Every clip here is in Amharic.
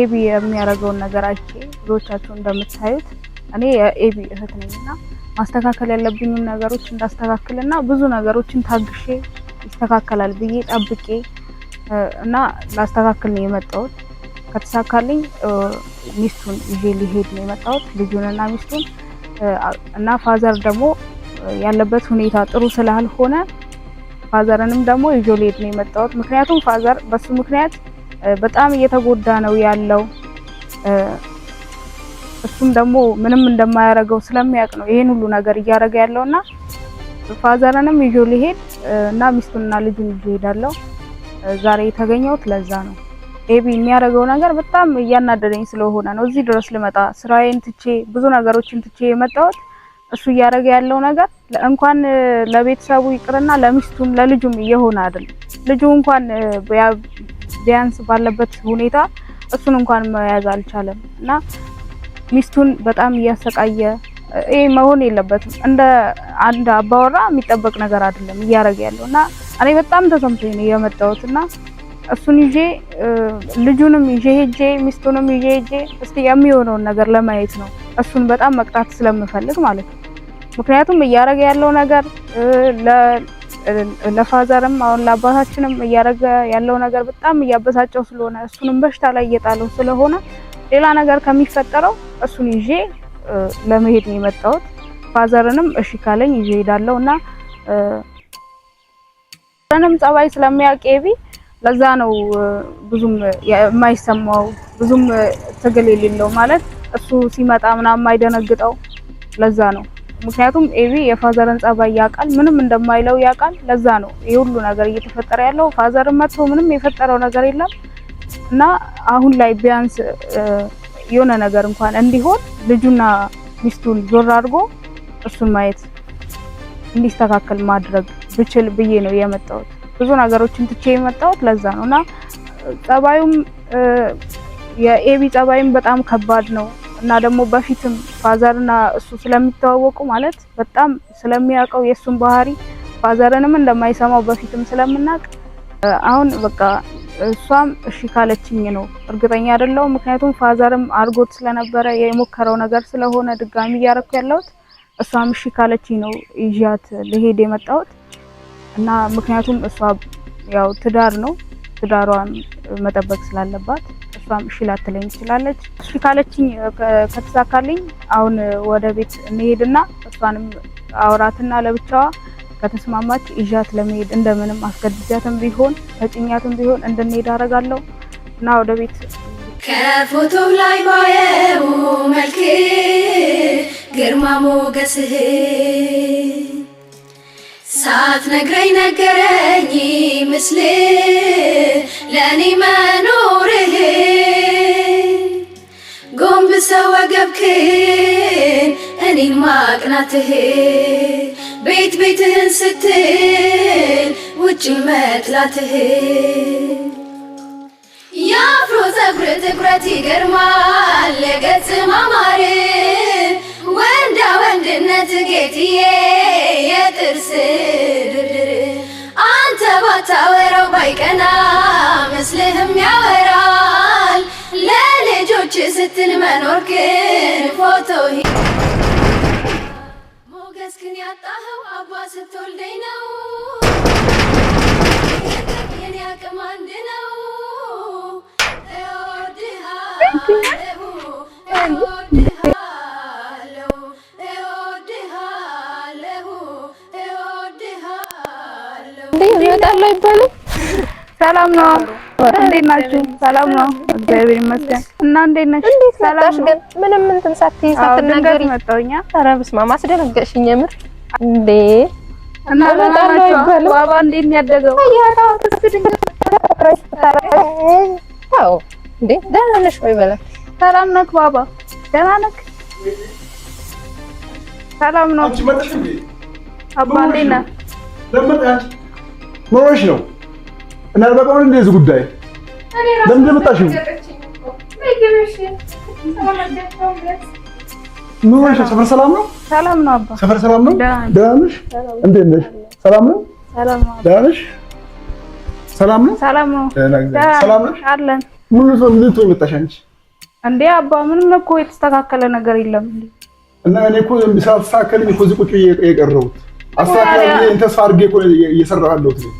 ኤቢ የሚያደርገውን ነገር አይቼ ብዙዎቻችሁ እንደምታዩት እኔ የኤቢ እህት ነኝና ማስተካከል ያለብኝን ነገሮች እንዳስተካክልና ብዙ ነገሮችን ታግሼ ይስተካከላል ብዬ ጠብቄ እና ላስተካክል ነው የመጣሁት። ከተሳካልኝ ሚስቱን ይዤ ሊሄድ ነው የመጣሁት ልጁንና ሚስቱን እና ፋዘር ደግሞ ያለበት ሁኔታ ጥሩ ስላልሆነ ፋዘርንም ደግሞ ይዤ ሊሄድ ነው የመጣሁት። ምክንያቱም ፋዘር በሱ ምክንያት በጣም እየተጎዳ ነው ያለው። እሱም ደግሞ ምንም እንደማያደርገው ስለሚያውቅ ነው ይሄን ሁሉ ነገር እያደረገ ያለውና ፋዘርንም ይዞ ሊሄድ እና ሚስቱንና ልጁን ይዞ ዛሬ የተገኘሁት ለዛ ነው። ኤቢ የሚያደርገው ነገር በጣም እያናደደኝ ስለሆነ ነው እዚህ ድረስ ልመጣ ስራዬን ትቼ ብዙ ነገሮችን ትቼ የመጣሁት እሱ እያደረገ ያለው ነገር እንኳን ለቤተሰቡ ይቅርና ለሚስቱም ለልጁም እየሆነ አይደለም። ልጁ እንኳን ቢያንስ ባለበት ሁኔታ እሱን እንኳን መያዝ አልቻለም እና ሚስቱን በጣም እያሰቃየ ይሄ መሆን የለበትም። እንደ አንድ አባወራ የሚጠበቅ ነገር አይደለም እያደረገ ያለው እና እኔ በጣም ተሰምቶኝ ነው የመጣሁት እና እሱን ይዤ ልጁንም ይዤ ሄጄ ሚስቱንም ይዤ ሄጄ እስቲ የሚሆነውን ነገር ለማየት ነው። እሱን በጣም መቅጣት ስለምፈልግ ማለት ነው። ምክንያቱም እያረገ ያለው ነገር ለፋዘርም አሁን ለአባታችንም እያረገ ያለው ነገር በጣም እያበሳጨው ስለሆነ እሱንም በሽታ ላይ እየጣለው ስለሆነ ሌላ ነገር ከሚፈጠረው እሱን ይዤ ለመሄድ ነው የመጣሁት። ፋዘርንም እሺ ካለኝ ይዤ እሄዳለሁ እና ንም ጸባይ ስለሚያውቅ ለዛ ነው ብዙም የማይሰማው ብዙም ትግል የሌለው ማለት እሱ ሲመጣ ምናምን የማይደነግጠው ለዛ ነው። ምክንያቱም ኤቢ የፋዘርን ጸባይ ያውቃል፣ ምንም እንደማይለው ያውቃል። ለዛ ነው ይህ ሁሉ ነገር እየተፈጠረ ያለው። ፋዘርን መጥቶ ምንም የፈጠረው ነገር የለም እና አሁን ላይ ቢያንስ የሆነ ነገር እንኳን እንዲሆን ልጁና ሚስቱን ዞር አድርጎ እርሱን ማየት እንዲስተካከል ማድረግ ብችል ብዬ ነው የመጣሁት። ብዙ ነገሮችን ትቼ የመጣሁት ለዛ ነው እና ጸባዩም የኤቢ ጸባይም በጣም ከባድ ነው። እና ደግሞ በፊትም ፋዘርና እሱ ስለሚተዋወቁ ማለት በጣም ስለሚያውቀው የእሱን ባህሪ ፋዘርንም እንደማይሰማው በፊትም ስለምናውቅ አሁን በቃ እሷም እሺ ካለችኝ ነው። እርግጠኛ አይደለው ምክንያቱም ፋዘርም አድርጎት ስለነበረ የሞከረው ነገር ስለሆነ ድጋሚ እያረኩ ያለሁት እሷም እሺ ካለችኝ ነው ይዣት ልሄድ የመጣሁት እና ምክንያቱም እሷ ያው ትዳር ነው ትዳሯን መጠበቅ ስላለባት እሷም እሺ ላትለኝ ትችላለች። እሺ ካለችኝ ከተሳካልኝ አሁን ወደ ቤት እንሄድና እሷንም አውራትና ለብቻዋ ከተስማማች እዣት ለመሄድ እንደምንም አስገድጃትም ቢሆን ተጭኛትም ቢሆን እንድንሄድ አደርጋለሁ እና ወደ ቤት ከፎቶ ላይ ባየው መልክ ግርማ ሞገስህ ሳትነግረኝ ነገረኝ ምስል ለእኔ መኖርህ ጎንብሰ ወገብክን እኔን ማቅናትህ ቤት ቤትህን ስትል ውጭ መጥላትህ የአፍሮ ፀጉር ትኩረት ይገርማል ገጽ ማማር ወንዳ ወንድነት ጌትዬ ታወራው ባይቀና ምስልህም ያወራል ለልጆች ስትል መኖርክን ፎቶ ሞገስክን ያጣኸው አባ ስትወልደኝ ነው። የኔ አቅም አንድ ነው። እወድሃለሁ እወድሃለሁ አይባልም። ሰላም ነው። እንዴት ናችሁ? ሰላም ነው። እግዚአብሔር ይመስገን። እና እንዴት ነሽ? እንዴት ሰላም ግን ምንም እንትን ሳትይ ሳትነገሪ መጣሁኛ። ኧረ በስመ አብ አስደነገጥሽኝ። የምር እንዴ! እና ባባ እንዴት ነው ያደገው? አዎ። እንዴ ደህና ነሽ ወይ በላት። ሰላም ነክ ባባ? ደህና ነክ? ሰላም ነው። አባ እንዴት ነህ? ኖሮሽ ነው እና አልበቃም እንዴ? እዚህ ጉዳይ ለምን እንደመጣሽ ኖሮሽ ነው። ሰፈር ሰላም ነው? ሰላም ነው አባ። ሰፈር ሰላም ነው? ደህና ነሽ? እንዴት ነሽ? ሰላም ነው? ሰላም ነው። ሰላም ነው? ሰላም ነው። ሰላም ነሽ? አለን። ምን ነው ምን ነው የመጣሽ አንቺ? እንዴ አባ ምንም እኮ የተስተካከለ ነገር የለም እንዴ። እና እኔ እኮ ሳትስተካከልኝ እኮ እዚህ ቁጭ የቀረሁት አስተካክላ ተስፋ አድርጌ እየሰራሁ ያለሁት ነው።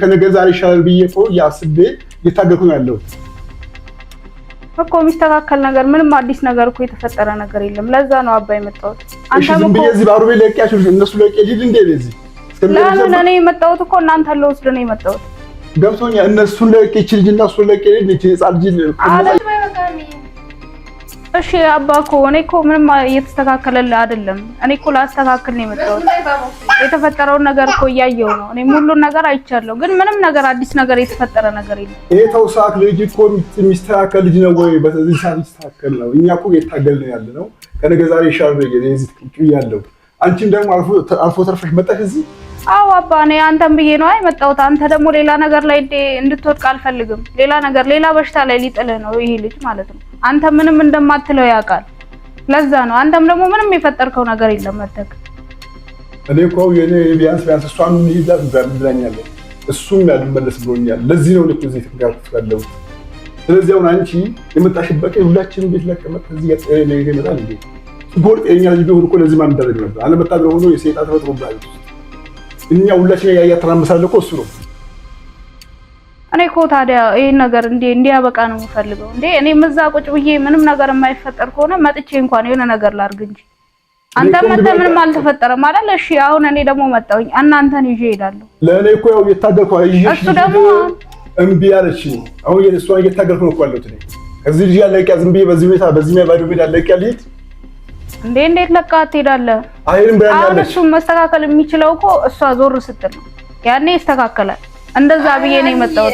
ከነገ ዛሬ ይሻላል ብዬ ቆ የአስቤ እየታገልኩ ነው ያለሁት እኮ የሚስተካከል ነገር ምንም አዲስ ነገር እኮ የተፈጠረ ነገር የለም። ለዛ ነው አባይ መጣሁት። አንተም እኮ እዚህ ባሩቤ ለቂያችሁ እነሱ ለቂያ ዲድ እንዴ በዚህ ለምን እኔ የመጣሁት እኮ እናንተ ለውስድ ነው የመጣሁት። ገብቶኛል። እነሱን ለቄ ይችልጅ እና እሱን ለቄ ልጅ ይችላል ልጅ እሺ አባኮ፣ እኔ እኮ ምንም እየተስተካከለልህ አይደለም። እኔ እኮ ላስተካክል ነው የመጣሁት። የተፈጠረውን ነገር እኮ እያየሁ ነው። እኔም ሁሉን ነገር አይቻለሁ፣ ግን ምንም ነገር አዲስ ነገር የተፈጠረ ነገር የለም። ይሄ ተው ሰዓት ልጅ እኮ የሚስተካከል ልጅ ነው ወይ? በዚህ ሰዓት የሚስተካከል ነው። እኛ እኮ እየታገል ነው ያለ ነው። ከነገ ዛሬ ይሻል ነው ያለው። አንቺም ደግሞ አልፎ ተርፈሽ መጣሽ እዚህ አዎ አባ እኔ አንተን ብዬ ነው የመጣሁት። አንተ ደግሞ ሌላ ነገር ላይ እንድትወድቅ አልፈልግም። ሌላ ነገር ሌላ በሽታ ላይ ሊጥልህ ነው ይሄ ልጅ ማለት ነው። አንተ ምንም እንደማትለው ያውቃል። ለዛ ነው አንተም ደግሞ ምንም የፈጠርከው ነገር የለም። መተክ እኔ እኮ የኔ ቢያንስ ቢያንስ እሷም ይዛት ብላኛለች፣ እሱም ያልመለስ ብሎኛል። ለዚህ ነው ልክ እዚህ ተጋርጥ ያለው። ስለዚህ አሁን አንቺ የመጣሽበት ሁላችንም ቤት ለቀመጥ እዚህ ጋር ጤና ይገመጣል እንዴ ጎርጥ የኛ ልጅ ቢሆን እኮ ለዚህ ማን ደረግ ነበር። አለመታደል ሆኖ የሰይጣን ተፈጥሮብሃል። እኛ ሁላችን ያያተራምሳለ እኮ እሱ ነው። እኔ እኮ ታዲያ ይሄን ነገር እንዴ እንዲያበቃ ነው የምፈልገው። እንዴ እኔ እዛ ቁጭ ብዬ ምንም ነገር የማይፈጠር ከሆነ መጥቼ እንኳን የሆነ ነገር ላድርግ እንጂ አንተ መጥተህ ምንም አልተፈጠረም አይደል? እሺ አሁን እኔ ደግሞ መጣሁኝ እናንተን ይዤ እሄዳለሁ። ለእኔ እኮ ያው እየታገልኩ አይዤ እሱ ደግሞ እምቢ አለች። አሁን እሷን እየታገልኩ ነው እኮ ያለሁት እኔ ከዚህ ልጅ ለቂያ ዝም ብዬ በዚህ ሁኔታ በዚህ ባዶ ሜዳ ለቂያ ልሂድ እንዴ እንዴት ለቃ ትሄዳለህ? አሁን እሱ መስተካከል የሚችለው እኮ እሷ ዞር ስትል ነው። ያኔ ይስተካከላል። እንደዛ ብዬ ነው የመጣሁት።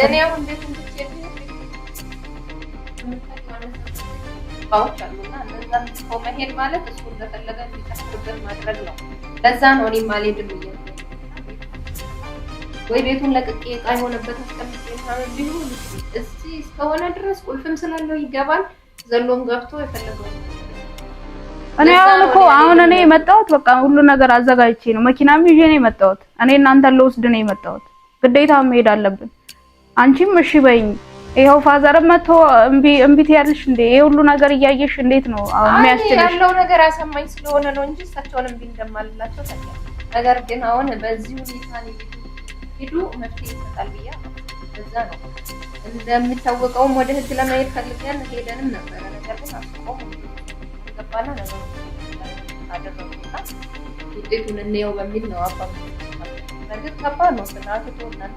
ለዛ ነው እኔም ወይ ቤቱን ለቅቄ ዕቃ የሆነበት አስቀምጬ ምናምን ቢሆን እስኪ እስከሆነ ድረስ ቁልፍም ስላለው ይገባል። ዘሎም ገብቶ የፈለገው እኔ አሁን እኮ አሁን እኔ የመጣሁት በቃ ሁሉ ነገር አዘጋጅቼ ነው። መኪናም ይዤ ነው የመጣሁት። እኔ እናንተን ልወስድ ነው የመጣሁት። ግዴታ መሄድ አለብን። አንቺም እሺ በይኝ። ይኸው ፋዘርም መጥቶ እምቢ እምቢ ትያለሽ እንዴ? ይሄ ሁሉ ነገር እያየሽ እንዴት ነው አሁን የሚያስችልሽ? ያለው ነገር አሰማኝ ስለሆነ ነው እንጂ እሳቸውን እምቢ እንደማልላቸው ታውቂያለሽ። ነገር ግን አሁን በዚህ ሁኔታ ላይ ሂዱ መፍትሄ ይሰጣል ብያ እዛ ነው እንደሚታወቀውም ወደ ህግ ለመሄድ ፈልገን ሄደንም ነበር ነገር ግን አስቆሙ እንደገባና ነገር አደረጉና ውጤቱን እንየው በሚል ነው አባ ነገር ከባድ ነው። እናንተ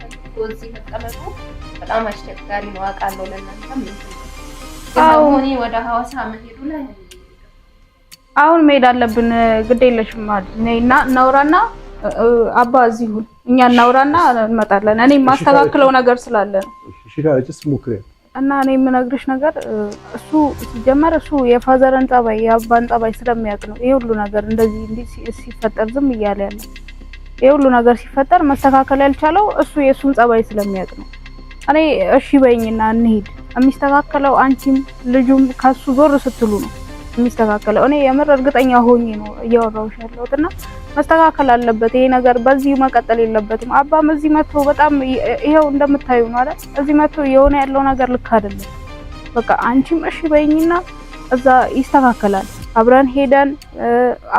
እዚህ መቀመጡ በጣም አስቸጋሪ ነው አውቃለሁ። ለእናንተ ወደ መሄዱ ላይ አሁን መሄድ አለብን። ግድ የለሽም ነይና እናውራና አባ እዚሁን እኛ እናውራና እንመጣለን። እኔ የማስተካክለው ነገር ስላለ ነው። እሺ እና እኔ የምነግርሽ ነገር እሱ ሲጀመር እሱ የፋዘርን ጸባይ የአባን ጸባይ ስለሚያውቅ ነው ይሄ ሁሉ ነገር እንደዚህ ሲፈጠር ዝም እያለ ያለ። ይሄ ሁሉ ነገር ሲፈጠር መስተካከል ያልቻለው እሱ የእሱን ጸባይ ስለሚያውቅ ነው። እኔ እሺ በይኝና እንሂድ። የሚስተካከለው አንቺም ልጁም ከሱ ዞር ስትሉ ነው የሚስተካከለው። እኔ የምር እርግጠኛ ሆኜ ነው እያወራሁሽ ያለሁት እና መስተካከል አለበት። ይሄ ነገር በዚህ መቀጠል የለበትም። አባም እዚህ መጥቶ በጣም ይሄው እንደምታዩ ነው አይደል? እዚህ መጥቶ የሆነ ያለው ነገር ልክ አይደለም። በቃ አንቺም እሺ በይኝና እዛ ይስተካከላል። አብረን ሄደን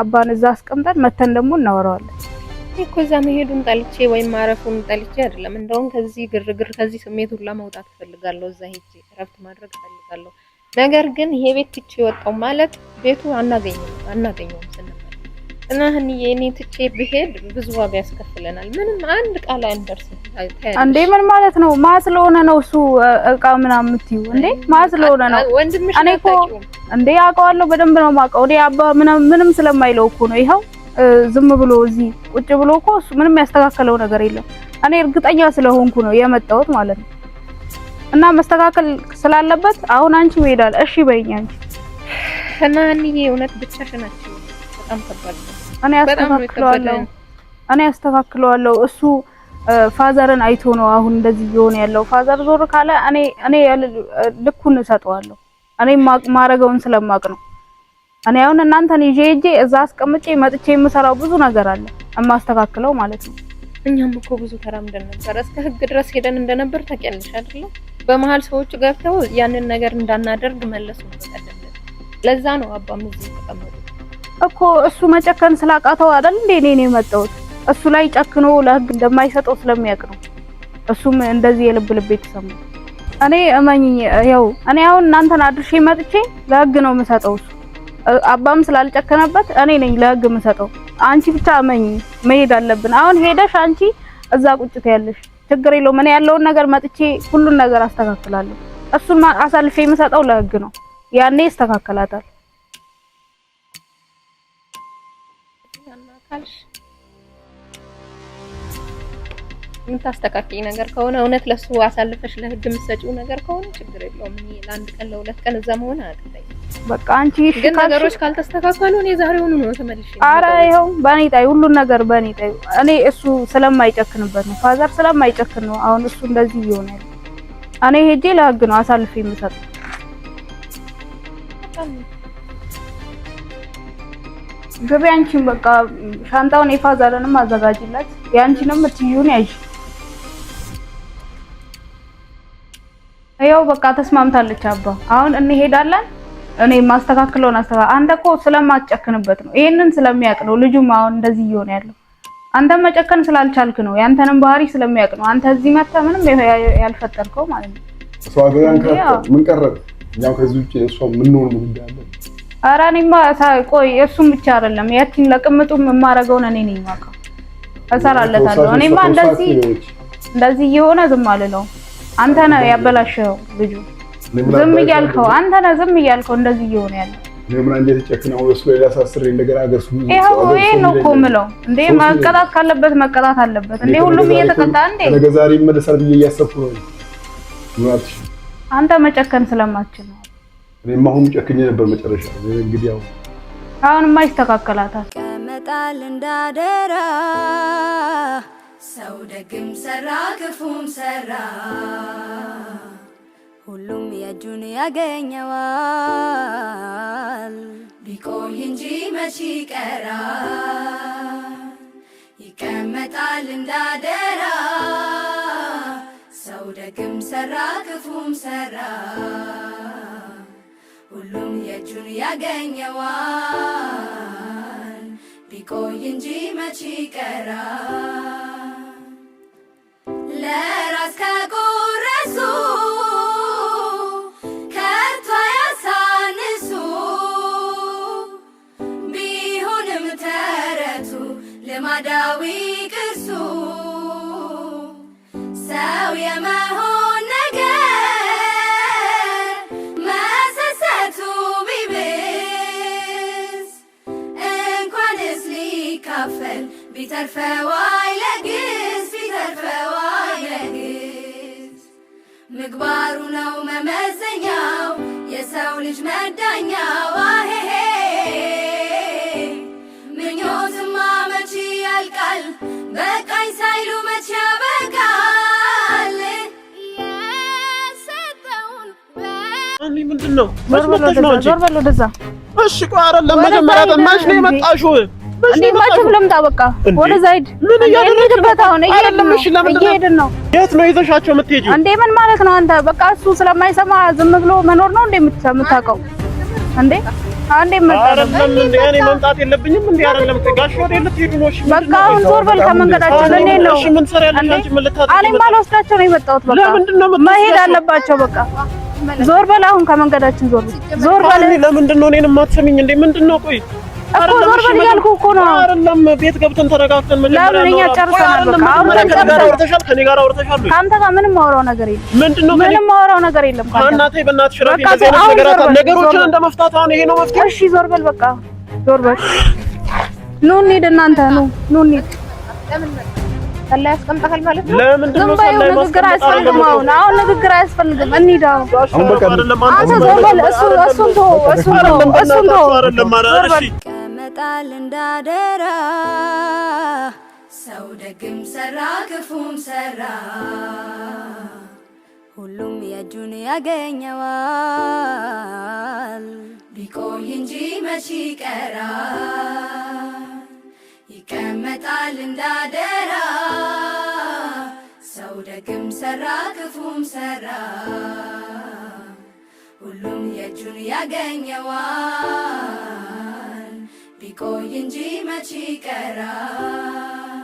አባን እዛ አስቀምጠን መተን ደግሞ እናወራዋለን። እኮ እዛ መሄዱን ጠልቼ ወይም ማረፉን ጠልቼ አይደለም። እንደውም ከዚህ ግርግር፣ ከዚህ ስሜት ሁላ መውጣት እፈልጋለሁ። እዛ ሄጄ እረፍት ማድረግ እፈልጋለሁ። ነገር ግን ይሄ ቤት ትቼ ወጣው ማለት ቤቱ አናገኘውም አናገኘውም ጥናህን ትቼ ብሄድ ብዙ ዋጋ ያስከፍለናል። ምንም አንድ ቃል ምን ማለት ነው? ማ ስለሆነ ነው እሱ እቃ ምናምን የምትይው እንዴ? ማ ስለሆነ ነው? እኔ እኮ እንዴ አውቀዋለሁ፣ በደንብ ነው የማውቀው። እኔ አባ ምንም ስለማይለው እኮ ነው ይኸው ዝም ብሎ እዚህ ቁጭ ብሎ እኮ እሱ ምንም ያስተካከለው ነገር የለም። እኔ እርግጠኛ ስለሆንኩ ነው የመጣሁት ማለት ነው። እና መስተካከል ስላለበት አሁን አንቺ መሄዳል። እሺ በይኝ አንቺ እና አንዬ እውነት ብቻሽ ናቸው ነው። እኔ አስተካክለዋለሁ እኔ አስተካክለዋለሁ። እሱ ፋዘርን አይቶ ነው አሁን እንደዚህ እየሆነ ያለው። ፋዘር ዞር ካለ እኔ እኔ ልኩን እሰጠዋለሁ። እኔ ማረገውን ስለማቅ ነው። እኔ አሁን እናንተን ይዤ ሄጄ እዛ አስቀምጬ መጥቼ የምሰራው ብዙ ነገር አለ የማስተካክለው ማለት ነው። እኛም እኮ ብዙ ተራምደን ነበር፣ እስከ ህግ ድረስ ሄደን እንደነበር ታውቂያለሽ አይደለ? በመሀል ሰዎቹ ገብተው ያንን ነገር እንዳናደርግ መለሱ ነው። ለዛ ነው አባም እዚህ ተቀመጡ እኮ እሱ መጨከን ስላቃተው አይደል እንዴ እኔ ነው የመጣሁት። እሱ ላይ ጨክኖ ለህግ እንደማይሰጠው ስለሚያውቅ ነው። እሱም እንደዚህ የልብ ልብ የተሰማ እኔ እመኝኝ፣ ያው እኔ አሁን እናንተን አድርሼ መጥቼ ለህግ ነው የምሰጠው። እሱ አባም ስላልጨከነበት እኔ ነኝ ለህግ የምሰጠው። አንቺ ብቻ እመኝ፣ መሄድ አለብን። አሁን ሄደሽ አንቺ እዛ ቁጭት ያለሽ ችግር የለውም። እኔ ያለውን ነገር መጥቼ ሁሉን ነገር አስተካክላለሁ። እሱን አሳልፌ የምሰጠው ለህግ ነው። ያኔ ይስተካከላታል። እና የምታስተካክይ ነገር ከሆነ እውነት ለሱ አሳልፈሽ ለህግ የምትሰጪው ነገር ከሆነ ችግር የለውም። እኔ ለአንድ ቀን ለሁለት ቀን እዛ መሆን አያቅተኝ። በቃ አንቺ ግን ነገሮች ካልተስተካከሉ እኔ ዛሬውኑ ነው ተመልሼ። አረ ይኸው በእኔ ጣይ፣ ሁሉን ነገር በእኔ ጣይ። እኔ እሱ ስለማይጨክንበት ነው፣ ፋዘር ስለማይጨክን ነው። አሁን እሱ እንደዚህ ይሆናል። እኔ ሄጄ ለህግ ነው አሳልፌ የምሰጠው። ሸቤ አንቺን በቃ ሻንጣውን የፋዛለንም አዘጋጅላት የአንቺንም እትዩን ያዥ። ያው በቃ ተስማምታለች። አባ አሁን እንሄዳለን። እኔ ማስተካክለውን አስተካ አንተ እኮ ስለማትጨክንበት ነው፣ ይሄንን ስለሚያውቅ ነው። ልጁም አሁን እንደዚህ እየሆነ ያለው አንተ መጨከን ስላልቻልክ ነው። ያንተንም ባህሪ ስለሚያውቅ ነው። አንተ እዚህ መታ ምንም ያልፈጠርከው ማለት ነው። ሰው ሀገር ምን ቀረ? ያው ከዚህ ውጭ እሷ ምን ነው እንዳለ ኧረ እኔማ ቆይ እሱም ብቻ አይደለም ያቺን ለቅምጡም የማደርገውን እኔ ነኝ የማውቀው። እሰራለታለሁ። እኔማ እንደዚህ እንደዚህ እየሆነ ዝም አልለው። አንተ ነህ ልጁ። ዝም እያልከው አንተ ነህ ዝም እያልከው እንደዚህ እየሆነ እሱ እንደገና ይሄ ነው እኮ የምለው። እንዴ መቀጣት ካለበት መቀጣት አለበት። እንዴ ሁሉም እየተቀጣ እንዴ ነገ ዛሬ ይመለሳል ብዬ እያሰብኩ ነው። አንተ መጨከን ስለማትችል ነው እኔም አሁን ጨክኜ ነበር መጨረሻ። እንግዲህ ያው አሁንማ ይስተካከላታል። ከመጣል እንዳደራ ሰው ደግም ሰራ ክፉም ሰራ ሁሉም የእጁን ያገኘዋል። ቢቆይ እንጂ መች ቀራ ይቀመጣል እንዳደራ ሰው ደግም ሰራ ክፉም ሰራ ሁሉም የእጁን ያገኘዋል። ቢቆይ እንጂ መች ቀራ ለራስ ከቆረሱ ከቶ ያሳንሱ ቢሆንም ተረቱ ልማዳዊ ቅርሱ ሰው የመሆ ሲካፈል ቢተርፈዋይ ለግስ ቢተርፈዋይ ለግስ ምግባሩ ነው መመዘኛው የሰው ልጅ መዳኛው አሄሄ ምኞትማ መቼ ያልቃል በቃኝ ሳይሉ መቼ ያበቃል የሰጠውን ምንድን ነው? መች መጥተሽ ነው አንቺ? እሺ ቆይ አይደለም መጀመሪያ ጠማሽ ነው የመጣሽው ለምጣ በቃ ወደዛ ምን እንዴ ምን ማለት ነው አንተ? በቃ እሱ ስለማይሰማ ዝም ብሎ መኖር ነው እንዴ የምታውቀው? እንዴ አንዴ መምጣት የለብኝም እንዴ? እኔ ነው እኔማ አለባቸው በቃ ዞር በል አሁን ከመንገዳችን ዞር በል። ለምንድን ነው እኔን የማትሰሚኝ እንዴ? ምንድን ነው ቆይ እኮ ዞር በል እያልኩ እኮ ነው። አይደለም ቤት ገብተን ተረጋግተን መጀመሪያ ለምን እኛ ጨርሰናል። ከአንተ ጋር ምንም ማውራው ነገር የለም። ምንድን ነው ምንም ማውራው ነገር የለም። ከእናቴ በእናትሽ ረፊ ነገሮችን እንደ መፍታት አሁን ይሄ ነው መፍታት። እሺ ዞር በል በቃ ዞር በል። ኑ እንሂድ እናንተ ኑ ኑ እንሂድ። ሰላይ ያስቀምጣል ማለት ነው። ለምንድን ንግግር አያስፈልግም። አሁን ንግግር አያስፈልግም። እንሂድ አሁን አንተ ዞር በል። እሱ እሱን ተወው፣ እሱን ተወው፣ እሱን ተወው። ይበቃል እንዳደራ ሰው ደግም ሰራ ክፉም ሰራ ሁሉም የእጁን ያገኘዋል። ቢቆይ እንጂ መች ቀራ ይቀመጣል እንዳደራ ሰው ደግም ሰራ ክፉም ሰራ ሁሉም የእጁን ያገኘዋል። Pico Yinji Machikara.